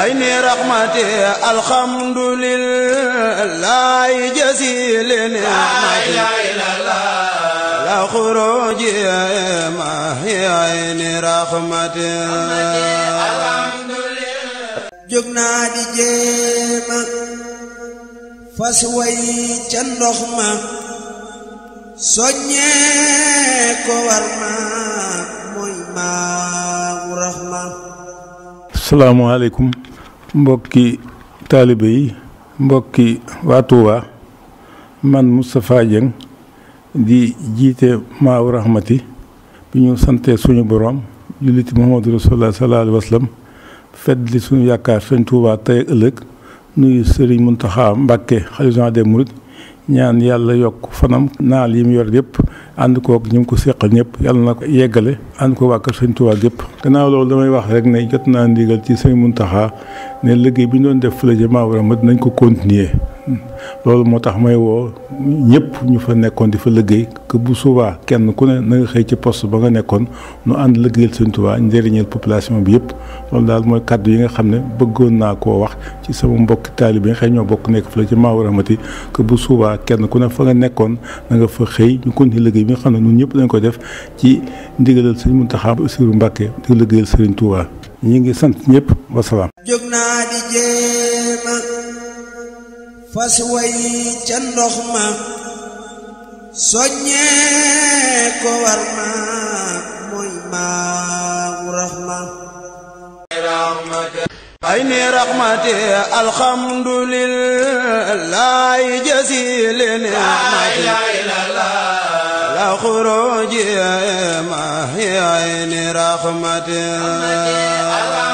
ayni rahmati alhamdulillahi jaziilin la xuruji ma hiya ayni rahmati jóg naa di jéema fas way ca ndox ma soññee ko war asalaamaaleykum mbokki taalibe yi mbokki waa man Moustapha Dieng di jiite Maawu Rahmati bi ñu sante suñu borom julliti Muhammadu Rasulullah sallallahu alayhi wa sallam fedd suñu yaakaar sëñ Touba tey ëllëg nuyu Serigne Mountakha Mbacké xalifa des Mourides ñaan yàlla yokk fanam naal yi mu yor yëpp ànd koog ñu ko seqal ñëpp yàlla na ko yeggale ànd ko waa kër sëñ Tuubaa yëpp gannaaw loolu damay wax rek ne jot naa ndigal ci sëñ Muntaxa ne liggéey bi ñu doon def fële maaw Maodo ma dinañ ko continuer loolu moo tax may woo ñëpp ñu fa nekkoon di fa liggéey que bu subaa kenn ku ne na xëy ci post ba nga nekkoon nu ànd liggéeyal Sëñ Tuubaa njëriñal population bi yëpp loolu daal mooy kàddu yi nga xam ne bëggoon naa ko wax ci sama mbokki taalibe yi nga xëy ñoo bokk nekk fa la ci Maawu Rahmati que bu subaa kenn ku ne fa nga nekkoon na nga fa xëy ñu continuer liggéey bi nga xam ne ñun ñëpp dañ ko def ci ndigalal Sëñ Muntaxa Basiru Mbàkke di liggéeyal Sëriñ Tuubaa ñi ngi sant ñëpp wasalaam jóg naa di jee fas way ca ndox ma soññee ko war ma mooy maamu raxma ay ni raxmati alxamdulillaahi jasiili ni'mati la xuruuji ma ay ni raxmati